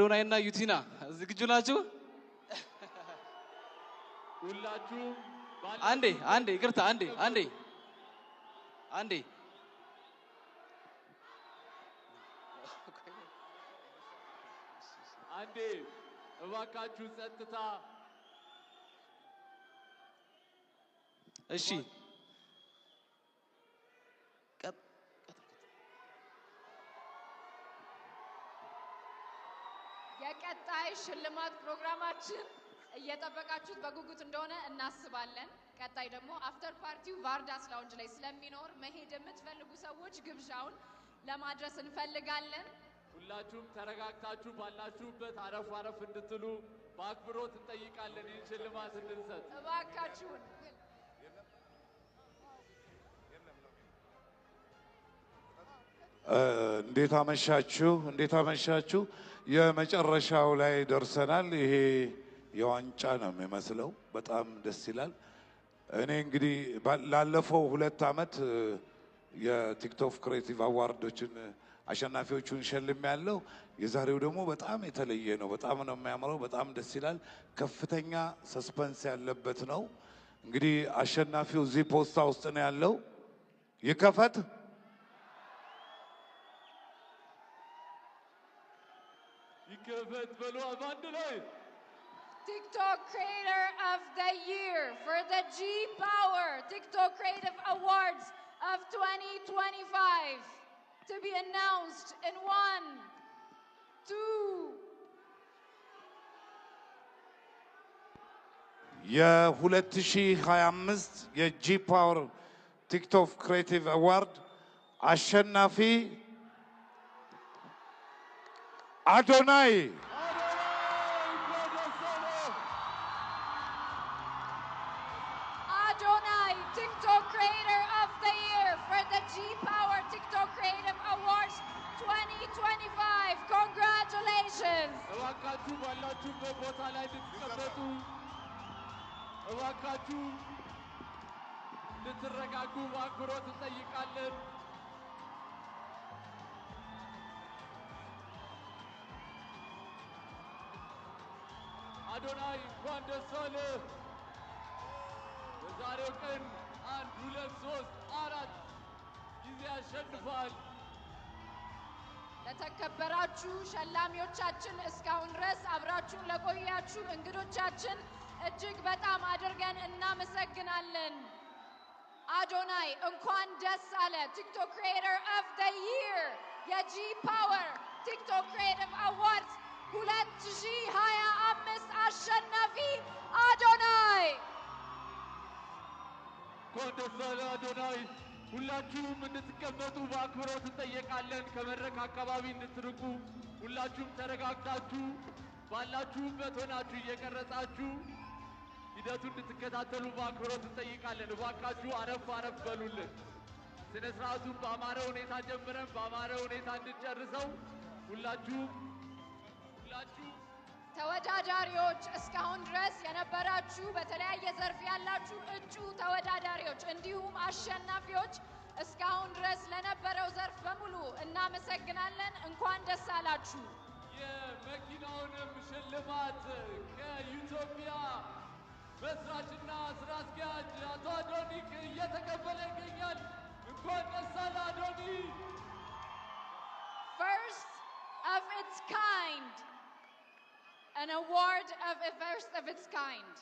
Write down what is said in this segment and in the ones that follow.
አዶናይ እና ዩቲና ዝግጁ ናችሁ? ሁላችሁም አንዴ አንዴ ይቅርታ አንዴ አንዴ አንዴ አንዴ እባካችሁ ጸጥታ። እሺ ቀጣይ ሽልማት ፕሮግራማችን እየጠበቃችሁት በጉጉት እንደሆነ እናስባለን። ቀጣይ ደግሞ አፍተር ፓርቲው ቫርዳስ ላውንጅ ላይ ስለሚኖር መሄድ የምትፈልጉ ሰዎች ግብዣውን ለማድረስ እንፈልጋለን። ሁላችሁም ተረጋግታችሁ ባላችሁበት አረፍ አረፍ እንድትሉ በአክብሮት እንጠይቃለን። ይህን ሽልማት እንድንሰጥ እባካችሁን እንዴት አመሻችሁ፣ እንዴት አመሻችሁ። የመጨረሻው ላይ ደርሰናል። ይሄ የዋንጫ ነው የሚመስለው። በጣም ደስ ይላል። እኔ እንግዲህ ላለፈው ሁለት ዓመት የቲክቶክ ክሬቲቭ አዋርዶችን አሸናፊዎቹን ሸልም ያለው የዛሬው ደግሞ በጣም የተለየ ነው። በጣም ነው የሚያምረው። በጣም ደስ ይላል። ከፍተኛ ሰስፐንስ ያለበት ነው። እንግዲህ አሸናፊው እዚህ ፖስታ ውስጥ ነው ያለው። ይከፈት TikTok Creator of the Year for the G Power TikTok Creative Awards of 2025 to be announced in one, two. የሁለት ሺህ ሀያ አምስት የጂ ፓወር ቲክቶክ ክሬቲቭ አዋርድ አሸናፊ Adonai. Adonai, TikTok Creator of the Year for the G Power TikTok Creative Awards 2025. Congratulations. እባካችሁ ልትረጋጉ በአክብሮት እንጠይቃለን። አዶናይ እንኳን ደስ አለህ። በዛሬው ቀን አንድ ሁለት ሶስት አራት ጊዜ አሸንፏል። ለተከበራችሁ ሸላሚዎቻችን፣ እስካሁን ድረስ አብራችሁን ለቆያችሁ እንግዶቻችን እጅግ በጣም አድርገን እናመሰግናለን። አዶናይ እንኳን ደስ አለ። ቲክቶክ ክሪኤተር ኦፍ ዘ ይር የጂ ፓወር ቲክቶክ ክሪኤቲቭ አዋርድ 2025 አሸናፊ አዶናይ ኮንደሰን አዶናይ። ሁላችሁም እንድትቀመጡ በአክብሮት እንጠየቃለን። ከመድረክ አካባቢ እንድትርቁ ሁላችሁም ተረጋግታችሁ ባላችሁበት ሆናችሁ እየቀረጻችሁ ሂደቱ እንድትከታተሉ በአክብሮት እንጠይቃለን። እባካችሁ አረፍ አረፍ በሉልን። ስነ ስርዓቱን በአማረ ሁኔታ ጀምረን በአማረ ሁኔታ እንድጨርሰው ሁላችሁም ተወዳዳሪዎች እስካሁን ድረስ የነበራችሁ በተለያየ ዘርፍ ያላችሁ እጩ ተወዳዳሪዎች እንዲሁም አሸናፊዎች እስካሁን ድረስ ለነበረው ዘርፍ በሙሉ እናመሰግናለን። እንኳን ደስ አላችሁ። የመኪናውንም ሽልማት ከኢትዮጵያ መስራችና ስራ አስኪያጅ አቶ አዶኒክ እየተቀበለ ይገኛል። እንኳን ደስ አለ አዶኒ። First ኦፍ ኢትስ ካይንድ an award of a first of its kind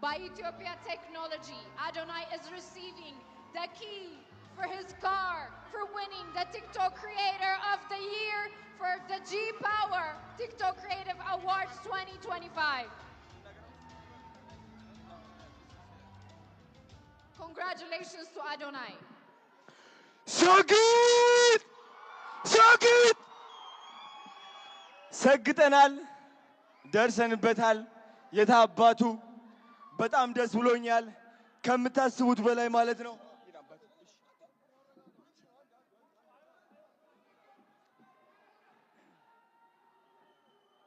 by Ethiopia Technology. Adonai is receiving the key for his car for winning the TikTok Creator of the Year for the G Power TikTok Creative Awards 2025. Congratulations to Adonai. So good! ሰግጠናል ደርሰንበታል። የታ አባቱ በጣም ደስ ብሎኛል፣ ከምታስቡት በላይ ማለት ነው።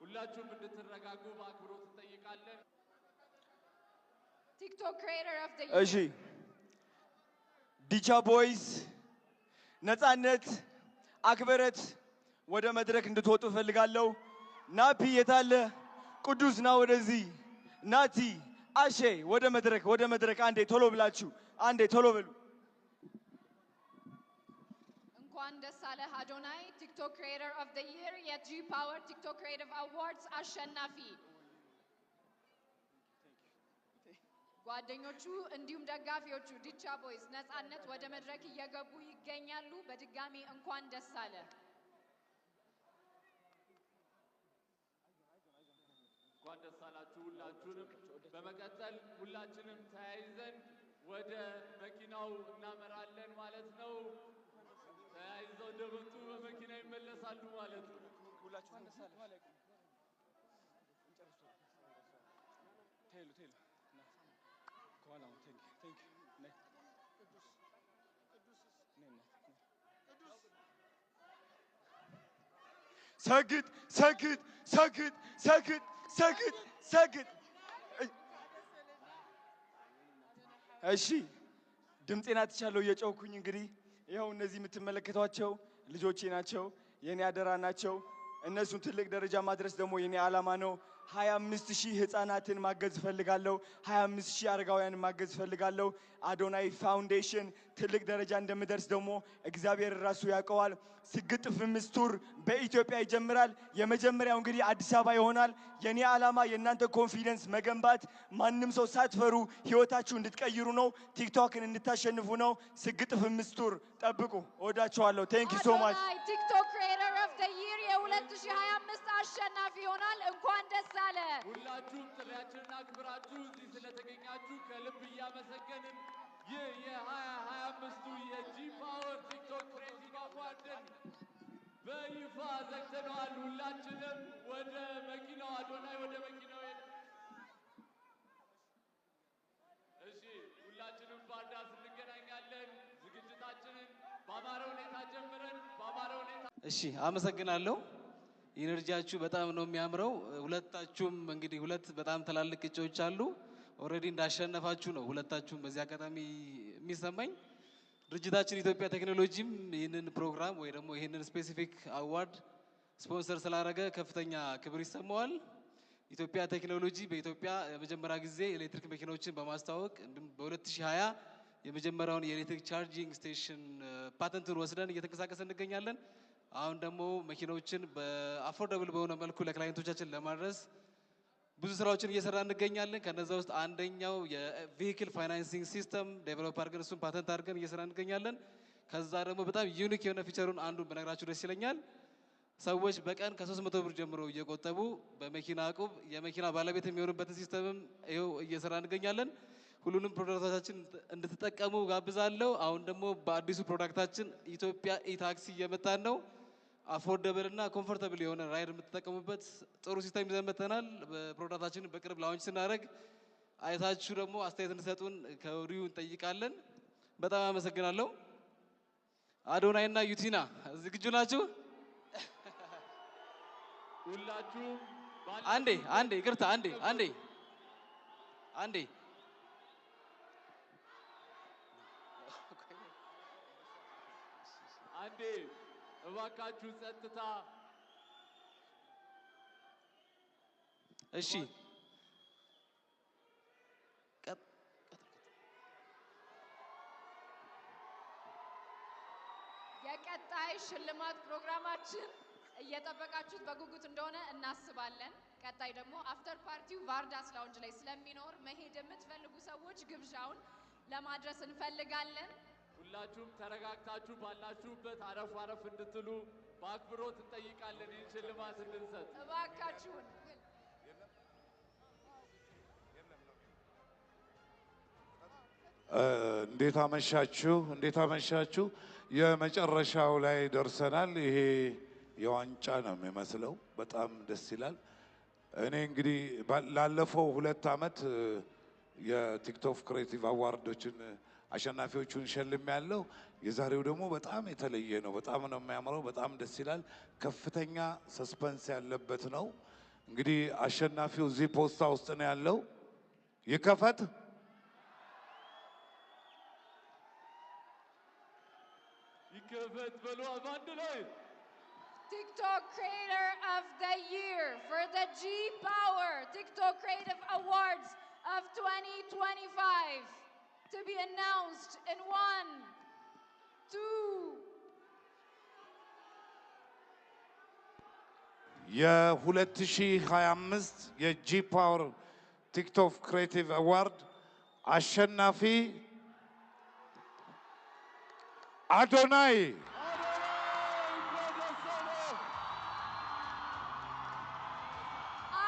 ሁላችሁም እንድትረጋጉ በአክብሮት እንጠይቃለን። እሺ ዲቻ ቦይስ ነፃነት አክበረት ወደ መድረክ እንድትወጡ እፈልጋለሁ። ናፒ የታለ? ቅዱስ ና ወደዚህ፣ ናቲ አሼ ወደ መድረክ ወደ መድረክ። አንዴ ቶሎ ብላችሁ አንዴ ቶሎ ብሉ። እንኳን ደስ አለ አዶናይ ቲክቶክ ክሪኤተር ኦፍ ዘ ይር የጂ ፓወር ቲክቶክ ክሪኤቲቭ አዋርድስ አሸናፊ ጓደኞቹ እንዲሁም ደጋፊዎቹ ዲቻ ቦይስ ነፃነት ወደ መድረክ እየገቡ ይገኛሉ። በድጋሚ እንኳን ደስ አለ ሁላችሁንም። በመቀጠል ሁላችንም ተያይዘን ወደ መኪናው እናመራለን ማለት ነው። ተያይዘው ደበቱ በመኪና ይመለሳሉ ማለት ነው። ሰግጥ ሰግጥ ሰግጥ ሰግጥ ሰግጥ ሰግጥ። እሺ ድምፄን አትቻለሁ እየጨውኩኝ እንግዲህ ይኸው እነዚህ የምትመለከቷቸው ልጆቼ ናቸው፣ የኔ አደራ ናቸው። እነሱን ትልቅ ደረጃ ማድረስ ደግሞ የኔ ዓላማ ነው። 25 ሺህ ህፃናትን ማገዝ እፈልጋለሁ። 25 ሺህ አረጋውያንን ማገዝ እፈልጋለሁ። አዶናይ ፋውንዴሽን ትልቅ ደረጃ እንደምደርስ ደግሞ እግዚአብሔር ራሱ ያውቀዋል። ስግጥ ፍምስ በኢትዮጵያ ይጀምራል። የመጀመሪያው እንግዲህ አዲስ አበባ ይሆናል። የኔ ዓላማ የእናንተ ኮንፊደንስ መገንባት፣ ማንም ሰው ሳትፈሩ ህይወታችሁ እንድትቀይሩ ነው። ቲክቶክን እንድታሸንፉ ነው። ስግጥ ፍምስ ጠብቁ። እወዳችኋለሁ። ቴንክ ዩ ሶ ማች አሸናፊ ይሆናል። እንኳን ደስ አለ። ሁላችሁም ጥሪያችንን አክብራችሁ እዚህ ስለተገኛችሁ ከልብ እያመሰገንን ይህ የ2025ቱ የጂ ፓወር ቲክቶክ ክሬቲቭ አዋርድን በይፋ ዘግተነዋል። ሁላችንም ወደ መኪናው አዶናይ ወደ መኪናው እሺ ሁላችንም ባዳስ እንገናኛለን። ዝግጅታችንን በአማረ ሁኔታ ጀምረን በአማረ ሁኔታ እሺ፣ አመሰግናለሁ። ኢነርጂያችሁ በጣም ነው የሚያምረው። ሁለታችሁም እንግዲህ ሁለት በጣም ትላልቅ እጩዎች አሉ። ኦልሬዲ እንዳሸነፋችሁ ነው ሁለታችሁም በዚህ አጋጣሚ የሚሰማኝ። ድርጅታችን ኢትዮጵያ ቴክኖሎጂም ይህንን ፕሮግራም ወይ ደግሞ ይህንን ስፔሲፊክ አዋርድ ስፖንሰር ስላደረገ ከፍተኛ ክብር ይሰማዋል። ኢትዮጵያ ቴክኖሎጂ በኢትዮጵያ የመጀመሪያ ጊዜ ኤሌክትሪክ መኪናዎችን በማስተዋወቅ እንዲሁም በ2020 የመጀመሪያውን የኤሌክትሪክ ቻርጂንግ ስቴሽን ፓተንትን ወስደን እየተንቀሳቀሰ እንገኛለን። አሁን ደግሞ መኪናዎችን በአፎርደብል በሆነ መልኩ ለክላይንቶቻችን ለማድረስ ብዙ ስራዎችን እየሰራ እንገኛለን። ከነዛ ውስጥ አንደኛው የቪሂክል ፋይናንሲንግ ሲስተም ዴቨሎፕ አድርገን እሱን ፓተንት አድርገን እየሰራ እንገኛለን። ከዛ ደግሞ በጣም ዩኒክ የሆነ ፊቸሩን አንዱን በነግራችሁ ደስ ይለኛል። ሰዎች በቀን ከ300 ብር ጀምሮ እየቆጠቡ በመኪና አቁብ የመኪና ባለቤት የሚሆኑበትን ሲስተምም ይኸው እየሰራ እንገኛለን። ሁሉንም ፕሮዳክታችን እንድትጠቀሙ ጋብዛለሁ። አሁን ደግሞ በአዲሱ ፕሮዳክታችን ኢትዮጵያ ኢታክሲ እየመጣን ነው። አፎርደብል እና ኮምፎርተብል የሆነ ራይድ የምትጠቀሙበት ጥሩ ሲስተም ይዘን መጥተናል። በቅርብ ላውንች ስናደርግ አይታችሁ ደግሞ አስተያየት እንሰጡን ከወዲሁ እንጠይቃለን። በጣም አመሰግናለሁ። አዶናይ እና ዩቲና ዝግጁ ናችሁ? ሁላችሁ አንዴ አንዴ ይቅርታ አንዴ አንዴ አንዴ አንዴ እባካችሁ ጸጥታ። እሺ የቀጣይ ሽልማት ፕሮግራማችን እየጠበቃችሁት በጉጉት እንደሆነ እናስባለን። ቀጣይ ደግሞ አፍተር ፓርቲው ቫርዳስ ላውንጅ ላይ ስለሚኖር መሄድ የምትፈልጉ ሰዎች ግብዣውን ለማድረስ እንፈልጋለን። ሁላችሁም ተረጋግታችሁ ባላችሁበት አረፍ አረፍ እንድትሉ በአክብሮት እንጠይቃለን። ይህን ሽልማት እንድንሰጥ እባካችሁን። እንዴት አመሻችሁ፣ እንዴት አመሻችሁ። የመጨረሻው ላይ ደርሰናል። ይሄ የዋንጫ ነው የሚመስለው። በጣም ደስ ይላል። እኔ እንግዲህ ላለፈው ሁለት ዓመት የቲክቶክ ክሬቲቭ አዋርዶችን አሸናፊዎቹን ሸልም ያለው። የዛሬው ደግሞ በጣም የተለየ ነው። በጣም ነው የሚያምረው። በጣም ደስ ይላል። ከፍተኛ ሰስፐንስ ያለበት ነው። እንግዲህ አሸናፊው እዚህ ፖስታ ውስጥ ነው ያለው። ይከፈት ይከፈት በሉ አንድ ላይ TikTok Creator of the Year for the G Power TikTok Creative Awards of 2025 to be announced in one, two. يا ሁለት ሺህ ሀያ አምስት የጂ ፓወር ቲክቶክ ክሬቲቭ አዋርድ አሸናፊ አዶናይ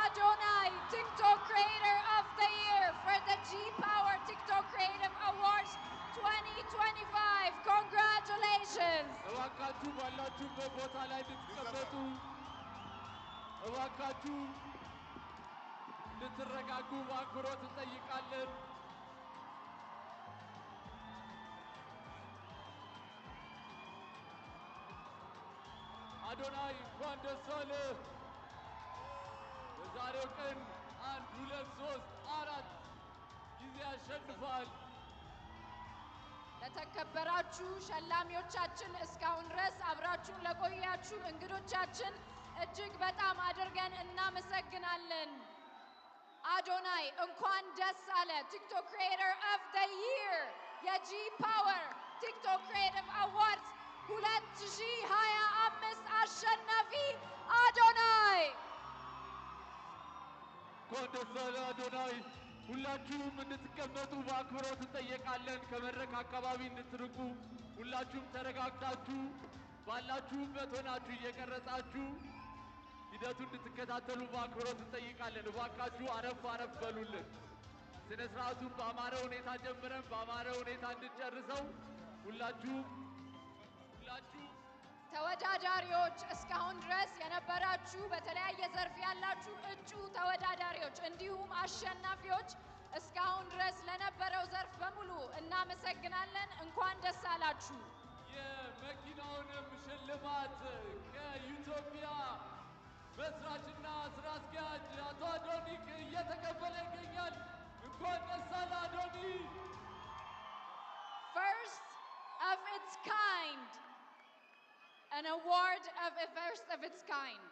Adonai, TikTok Creator of the Year for the G-Power TikTok Creative Awards 2025. Congratulations! እንድትረጋጉ በአክብሮት እንጠይቃለን። አዶናይ እንኳን ደስ አለህ! በዛሬው ቀን አንድ ሁለት ሶስት አራት ጊዜ አሸንፏል። ለተከበራችሁ ሸላሚዎቻችን፣ እስካሁን ድረስ አብራችሁን ለቆያችሁ እንግዶቻችን እጅግ በጣም አድርገን እናመሰግናለን። አዶናይ እንኳን ደስ አለ። ቲክቶክ ክሪኤተር ኦፍ ዘ ይር የጂ ፓወር ቲክቶክ ክሪኤቲቭ አዋርድስ 2025 አሸናፊ አዶናይ እንኳን ደስ አዶናይ። ሁላችሁም እንድትቀመጡ በአክብሮት እንጠየቃለን። ከመድረክ አካባቢ እንድትርቁ ሁላችሁም ተረጋግታችሁ ባላችሁበት ሆናችሁ እየቀረጻችሁ ሂደቱ እንድትከታተሉ በአክብሮት እንጠይቃለን። እባካችሁ አረፍ አረፍ በሉልን። ስነ ስርዓቱን በአማረ ሁኔታ ጀምረን በአማረ ሁኔታ እንድንጨርሰው ሁላችሁም ተወዳዳሪዎች እስካሁን ድረስ የነበራችሁ በተለያየ ዘርፍ ያላችሁ እጩ ተወዳዳሪዎች እንዲሁም አሸናፊዎች እስካሁን ድረስ ለነበረው ዘርፍ በሙሉ እናመሰግናለን። እንኳን ደስ አላችሁ። የመኪናውንም ሽልማት ከኢትዮጵያ መስራችና ስራ አስኪያጅ አቶ አዶኒክ እየተቀበለ ይገኛል። እንኳን ደስ አለ አዶኒ። ፈርስት ኦፍ ኢትስ ካይንድ an award of a first of its kind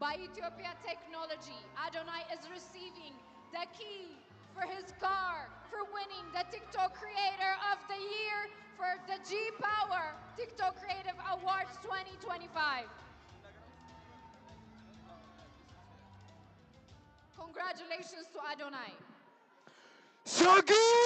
by Ethiopia Technology. Adonai is receiving the key for his car for winning the TikTok Creator of the Year for the G Power TikTok Creative Awards 2025. Congratulations to Adonai. So good!